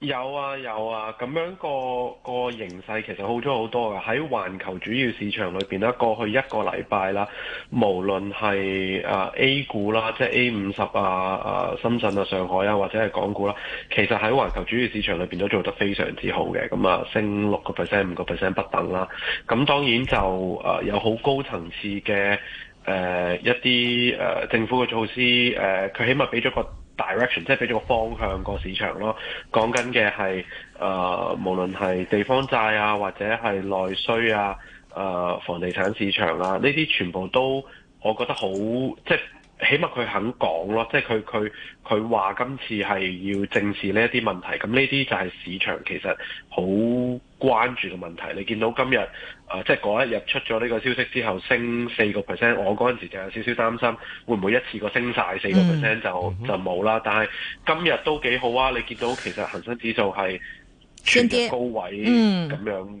有啊有啊，咁、啊、樣個個形勢其實好咗好多嘅。喺環球主要市場裏面，咧，過去一個禮拜啦，無論係 A 股啦，即係 A 五十啊、深圳啊、上海啊，或者係港股啦，其實喺環球主要市場裏面都做得非常之好嘅。咁啊，升六個 percent、五個 percent 不等啦。咁當然就有好高層次嘅誒、呃、一啲誒政府嘅措施，誒、呃、佢起碼俾咗個 direction 即係俾咗個方向個市場咯，講緊嘅係誒，無論係地方債啊，或者係內需啊，誒、呃、房地產市場啊，呢啲全部都我覺得好，即係起碼佢肯講咯，即係佢佢佢話今次係要正視呢一啲問題，咁呢啲就係市場其實好關注嘅問題，你見到今日啊，即係嗰一日出咗呢個消息之後，升四個 percent，我嗰陣時就有少少擔心，會唔會一次過升晒四個 percent 就、嗯、就冇啦？但係今日都幾好啊！你見到其實恒生指數係全日高位咁樣。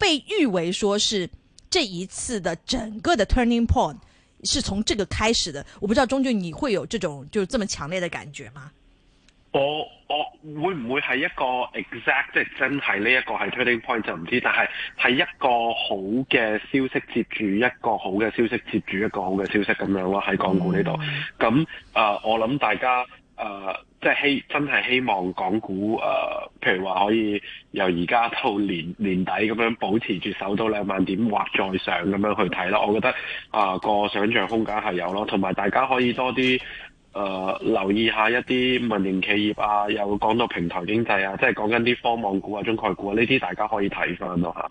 被譽為說是這一次的整個的 turning point 是從這個開始的，我不知道鍾駿你會有這種就這麼強烈的感覺嗎？我我會唔會係一個 exact 即係真係呢一個係 turning point 就唔知，但係係一個好嘅消息，接住一個好嘅消息，接住一個好嘅消息咁樣咯，喺港股呢度，咁、嗯呃、我諗大家、呃即係希真係希望港股誒、呃，譬如話可以由而家到年年底咁樣保持住守到兩萬點或再上咁樣去睇咯。我覺得啊、呃那個想像空間係有咯，同埋大家可以多啲誒、呃、留意一下一啲民營企業啊，又講到平台經濟啊，即係講緊啲科網股啊、中概股啊呢啲，大家可以睇翻咯嚇。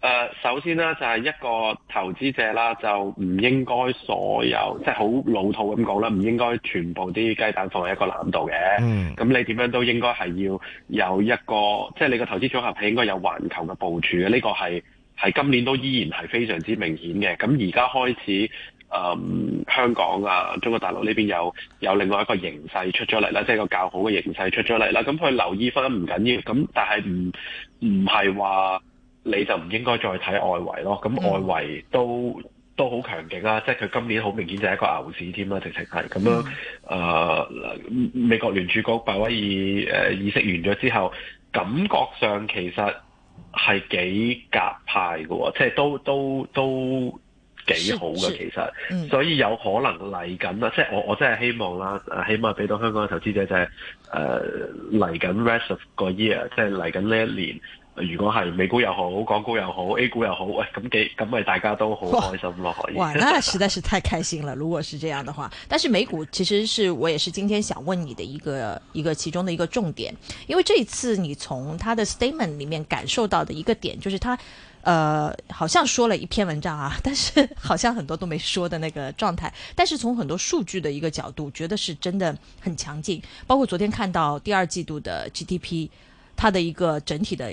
誒、uh,，首先咧、啊、就係、是、一個投資者啦，就唔應該所有即係好老土咁講啦，唔應該全部啲雞蛋放喺一個籃度嘅。咁、mm. 你點樣都應該係要有一個，即、就、係、是、你個投資組合係應該有環球嘅部署嘅。呢、這個係係今年都依然係非常之明顯嘅。咁而家開始誒、嗯，香港啊，中國大陸呢邊有有另外一個形勢出咗嚟啦，即、就、係、是、個較好嘅形勢出咗嚟啦。咁佢留意翻唔緊要，咁但係唔唔係話。你就唔應該再睇外圍咯，咁外圍都、嗯、都好強勁啦，即係佢今年好明顯就係一個牛市添啦，直情係咁樣、嗯呃。美國聯儲局白威爾誒議息完咗之後，感覺上其實係幾鴿派㗎喎，即係都都都幾好嘅其實、嗯，所以有可能嚟緊啦，即係我我真係希望啦，起碼俾到香港嘅投資者就係誒嚟緊 rest of 個 year，即係嚟緊呢一年。嗯如果係美股又好，港股又好，A 股又好，喂、哎、咁幾咁咪大家都好開心咯哇，哇，那實在是太開心了， 如果是這樣的話。但是美股其實是我也是今天想問你的一個一個其中的一個重點，因為這一次你從他的 statement 裏面感受到的一個點，就是他，呃，好像說了一篇文章啊，但是好像很多都沒說的那個狀態。但是從很多數據的一個角度，覺得是真的很強勁。包括昨天看到第二季度的 GDP，它的一個整體的。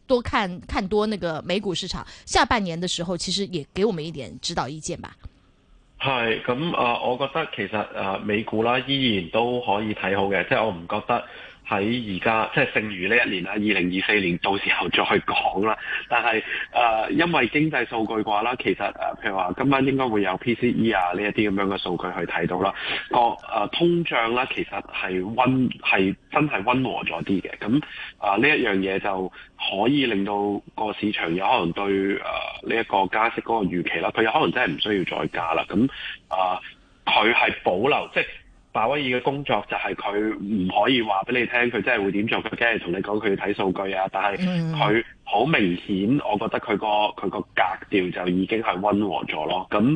多看看多那個美股市場，下半年的時候其實也給我們一點指導意見吧。係咁啊，我覺得其實啊、呃、美股啦依然都可以睇好嘅，即係我唔覺得。喺而家即係剩餘呢一年啦，二零二四年到時候再講啦。但係誒、呃，因為經濟數據嘅話啦，其實誒、呃，譬如話今晚應該會有 PCE 啊呢一啲咁樣嘅數據去睇到啦。個誒、呃、通脹啦，其實係溫係真係溫和咗啲嘅。咁啊，呢、呃、一樣嘢就可以令到個市場有可能對誒呢一個加息嗰個預期啦。佢有可能真係唔需要再加啦。咁啊，佢、呃、係保留即係。鮑威爾嘅工作就係佢唔可以話俾你聽佢真係會點做，佢驚係同你講佢要睇數據啊。但係佢好明顯，我覺得佢個佢個格調就已經係溫和咗咯。咁誒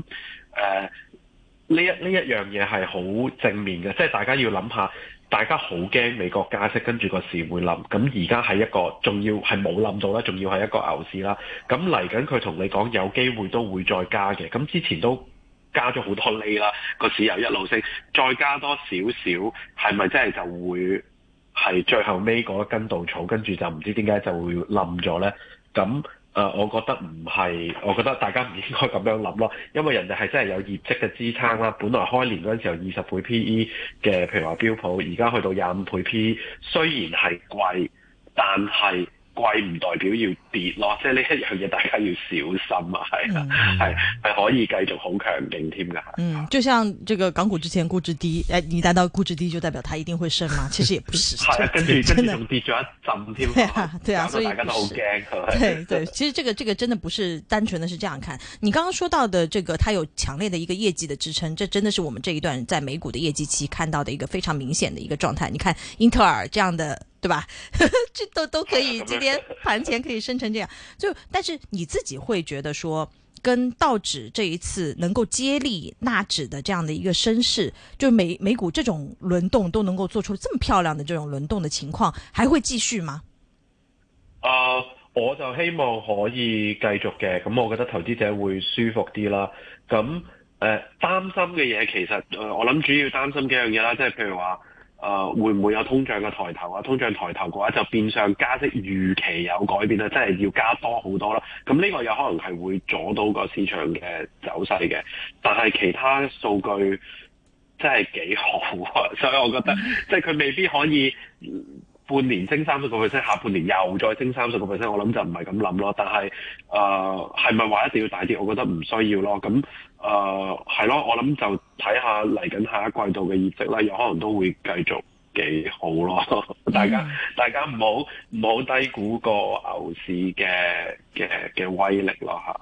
呢一呢一樣嘢係好正面嘅，即係大家要諗下，大家好驚美國加息跟住個市會冧。咁而家係一個仲要係冇諗到啦，仲要係一個牛市啦。咁嚟緊佢同你講有機會都會再加嘅。咁之前都。加咗好多利啦，個市又一路升，再加多少少，係咪真係就會係最後尾嗰根稻草，跟住就唔知點解就會冧咗呢？咁誒、呃，我覺得唔係，我覺得大家唔應該咁樣諗咯，因為人哋係真係有業績嘅支撐啦。本來開年嗰陣時候二十倍 PE 嘅，譬如話標普，而家去到廿五倍 PE，雖然係貴，但係。貴唔代表要跌咯，即係呢一樣嘢，大家要小心啊！係、嗯、啊，係係可以繼續好強勁添㗎。嗯，就像這個港股之前估值低，誒、哎，你睇到估值低就代表它一定會升嗎？其實也不是。係 啦、啊，跟住跟住仲跌咗一陣添、啊啊。對啊，所以大家都好驚。對對， 對，對，其實這個這個真的不是單純的是這樣看。你剛剛說到的這個，它有強烈的一個業績的支撐，這真的是我們這一段在美股的業績期看到的一個非常明顯的一個狀態。你看英特爾這樣的。對吧？這 都都可以。今天盤前可以升成這樣，就 但是你自己會覺得說，跟道指這一次能夠接力納指的這樣的一個升勢就美每，美股這種輪動都能夠做出這麼漂亮的這種輪動的情況，還會繼續嗎？呃、uh，我就希望可以繼續嘅，咁我覺得投資者會舒服啲啦。咁誒、呃，擔心嘅嘢其實我諗主要擔心幾樣嘢啦，即係譬如話。誒、呃，會唔會有通脹嘅抬頭啊？通脹抬頭嘅話，就變相加息預期有改變啦、啊，即係要加多好多啦、啊。咁呢個有可能係會阻到個市場嘅走勢嘅，但係其他數據真係幾好、啊，所以我覺得 即係佢未必可以。半年升三十個 percent，下半年又再升三十個 percent，我諗就唔係咁諗咯。但係，誒係咪話一定要大跌？我覺得唔需要咯。咁誒係咯，我諗就睇下嚟緊下一季度嘅業績啦，有可能都會繼續幾好咯。大家、嗯、大家唔好唔好低估個牛市嘅嘅嘅威力咯嚇。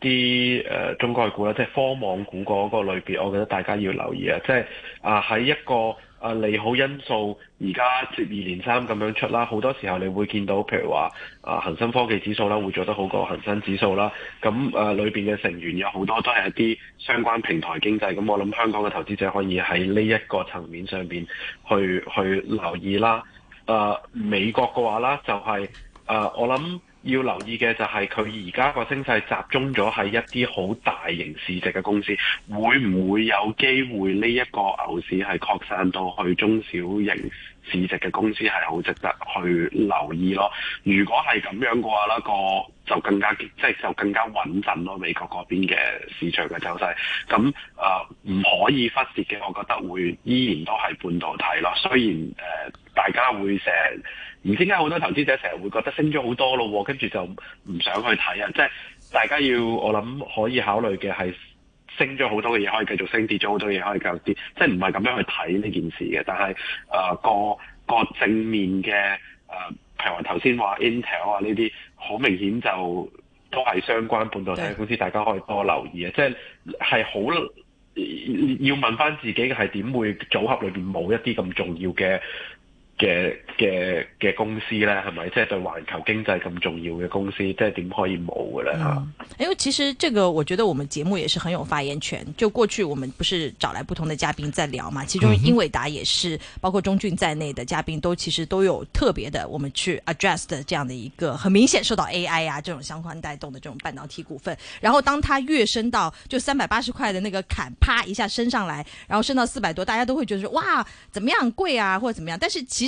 啲誒中概股啦，即係科網股嗰個類別，我覺得大家要留意啊！即係啊喺一個啊利好因素而家接二連三咁樣出啦，好多時候你會見到，譬如話啊恆生科技指數啦會做得好過恒生指數啦。咁誒裏邊嘅成員有好多都係一啲相關平台經濟。咁我諗香港嘅投資者可以喺呢一個層面上邊去去留意啦。誒美國嘅話啦就係誒我諗。要留意嘅就係佢而家個升勢集中咗喺一啲好大型市值嘅公司，會唔會有機會呢一個牛市係擴散到去中小型市值嘅公司係好值得去留意咯。如果係咁樣嘅話咧，個就更加即係、就係、就更加穩陣咯。美國嗰邊嘅市場嘅走勢，咁誒唔可以忽視嘅，我覺得會依然都係半導體咯。雖然誒、呃、大家會成唔知點解好多投資者成日會覺得升咗好多咯，跟住就唔想去睇啊。即係大家要我諗可以考慮嘅係。升咗好多嘅嘢可以繼續升，跌咗好多嘢可以繼續跌，即係唔係咁樣去睇呢件事嘅。但係誒、呃、個個正面嘅，誒譬如話頭先話 Intel 啊呢啲，好明顯就都係相關半導體的公司，大家可以多留意啊。即係係好要問翻自己嘅係點會組合裏邊冇一啲咁重要嘅。嘅嘅嘅公司咧，係咪即係對環球經濟咁重要嘅公司，即係點可以冇嘅咧？吓、嗯，因為其實這個我覺得我們節目也是很有發言權。就過去我們不是找來不同的嘉賓在聊嘛，其中英偉達也是、嗯、包括鍾駿在內的嘉賓都其實都有特別的，我們去 address 的這樣的一個很明顯受到 AI 啊這種相關帶動的這種半導體股份。然後當它躍升到就三百八十塊的那個坎，啪一下升上來，然後升到四百多，大家都會覺得說哇，怎麼樣貴啊，或者怎麼樣？但是其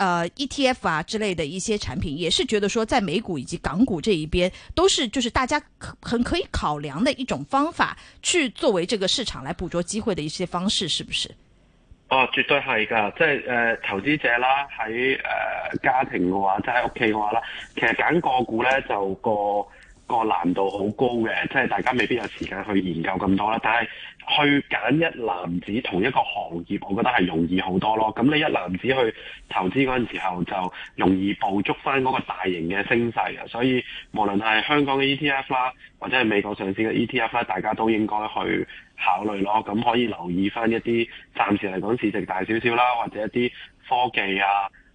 呃、uh, ETF 啊之類的一些產品，也是覺得說，在美股以及港股這一邊，都是就是大家很可以考量的一種方法，去作為這個市場來捕捉機會的一些方式，是不是？哦，絕對係噶，即係誒、呃，投資者啦，喺誒、呃、家庭嘅話，即係喺屋企嘅話啦，其實揀個股咧就個。個難度好高嘅，即係大家未必有時間去研究咁多啦。但係去揀一籃子同一個行業，我覺得係容易好多咯。咁你一籃子去投資嗰陣時候，就容易捕捉翻嗰個大型嘅升勢啊。所以無論係香港嘅 ETF 啦，或者係美國上市嘅 ETF 啦，大家都應該去考慮咯。咁可以留意翻一啲暫時嚟講市值大少少啦，或者一啲科技啊。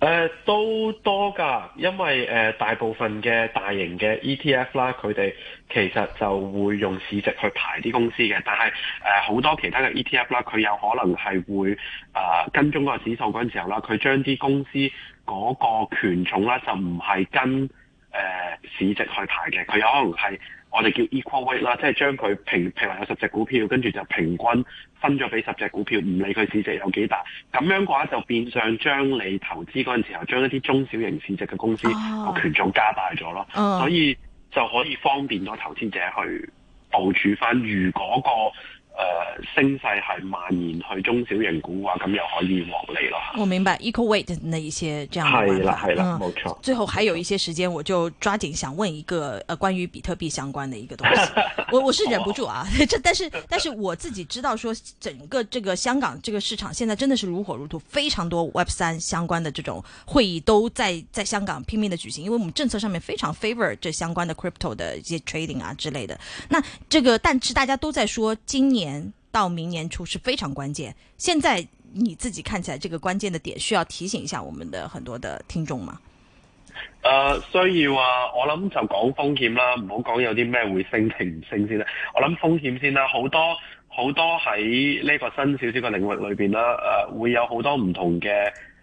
誒、呃，都多㗎，因為誒、呃、大部分嘅大型嘅 ETF 啦，佢哋其實就會用市值去排啲公司嘅，但係誒好多其他嘅 ETF 啦，佢有可能係會誒、呃、跟蹤個指數嗰陣時候啦，佢將啲公司嗰個權重咧就唔係跟。誒、呃、市值去排嘅，佢有可能係我哋叫 equal weight 啦，即係將佢平，譬如話有十隻股票，跟住就平均分咗俾十隻股票，唔理佢市值有幾大，咁樣嘅話就變相將你投資嗰陣時候，將一啲中小型市值嘅公司個權重加大咗咯，oh. Oh. 所以就可以方便到投資者去部署翻，如果個。呃，升勢係蔓延去中小型股啊，咁又可以獲利咯。我明白 equal weight 那一些這樣的方法。係啦，係啦，冇、嗯、錯，錯。最後還有一些時間，我就抓緊想問一個呃關於比特幣相關的一個東西。 我我是忍不住啊， 但是但是我自己知道，說整個這個香港這個市場現在真的是如火如荼，非常多 Web 三相關的這種會議都在在香港拼命的舉行，因為我們政策上面非常 favor 這相關的 crypto 的一些 trading 啊之類的。那這個，但是大家都在說今年，到明年初是非常關鍵。現在你自己看起來，這個關鍵的點需要提醒一下我們的很多的聽眾嗎？需要啊。我諗就講風險啦，唔好講有啲咩會升定唔升先啦。我諗風險先啦，好、嗯、多好多喺呢個新少少嘅領域裏邊啦、呃，會有好多唔同嘅。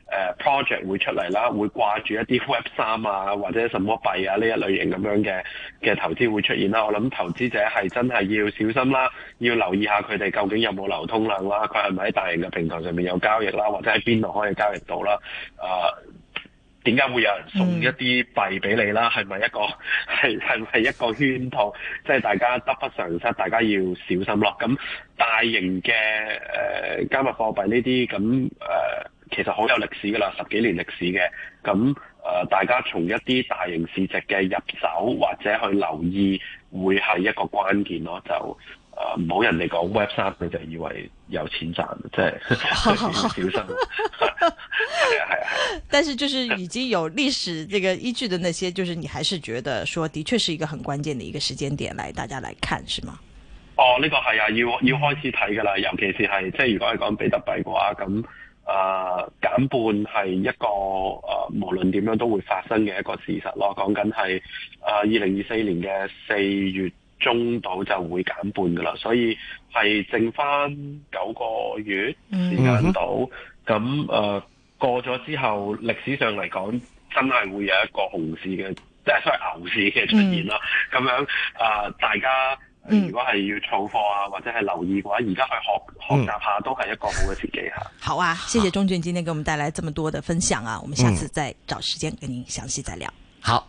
呃、project 會出嚟啦，會掛住一啲 Web 三啊，或者什麼幣啊呢一類型咁樣嘅嘅投資會出現啦。我諗投資者係真係要小心啦，要留意下佢哋究竟有冇流通量啦，佢係咪喺大型嘅平台上面有交易啦，或者喺邊度可以交易到啦？啊、呃，點解會有人送一啲幣俾你啦？係、mm. 咪一個係係一個圈套？即、就、係、是、大家得不償失，大家要小心咯。咁大型嘅誒、呃、加密貨幣呢啲咁。其實好有歷史噶啦，十幾年歷史嘅，咁誒、呃，大家從一啲大型市值嘅入手或者去留意，會係一個關鍵咯。就誒，唔、呃、好人哋講 Web 三，你就以為有錢賺，即係小心。 但是，就是已經有歷史這個依據的那些，就是你還是覺得說，的確是一個很關鍵的一個時間點，來大家來看，是嗎？哦，呢、這個係啊，要要開始睇噶啦，尤其是係即係如果係講比特幣嘅話咁。啊、呃，減半係一個啊、呃，無論點樣都會發生嘅一個事實咯。我講緊係啊，二零二四年嘅四月中到就會減半噶啦，所以係剩翻九個月時間到。咁、mm-hmm. 啊、呃，過咗之後，歷史上嚟講，真係會有一個熊市嘅，即係所謂牛市嘅出現啦。咁、mm-hmm. 樣啊、呃，大家。嗯、如果係要儲貨啊，或者係留意嘅話，而家去學學習下、嗯、都係一個好嘅時機吓。好啊，謝謝鍾駿今天給我們帶來這麼多嘅分享啊！我們下次再找時間跟您詳細再聊。嗯、好。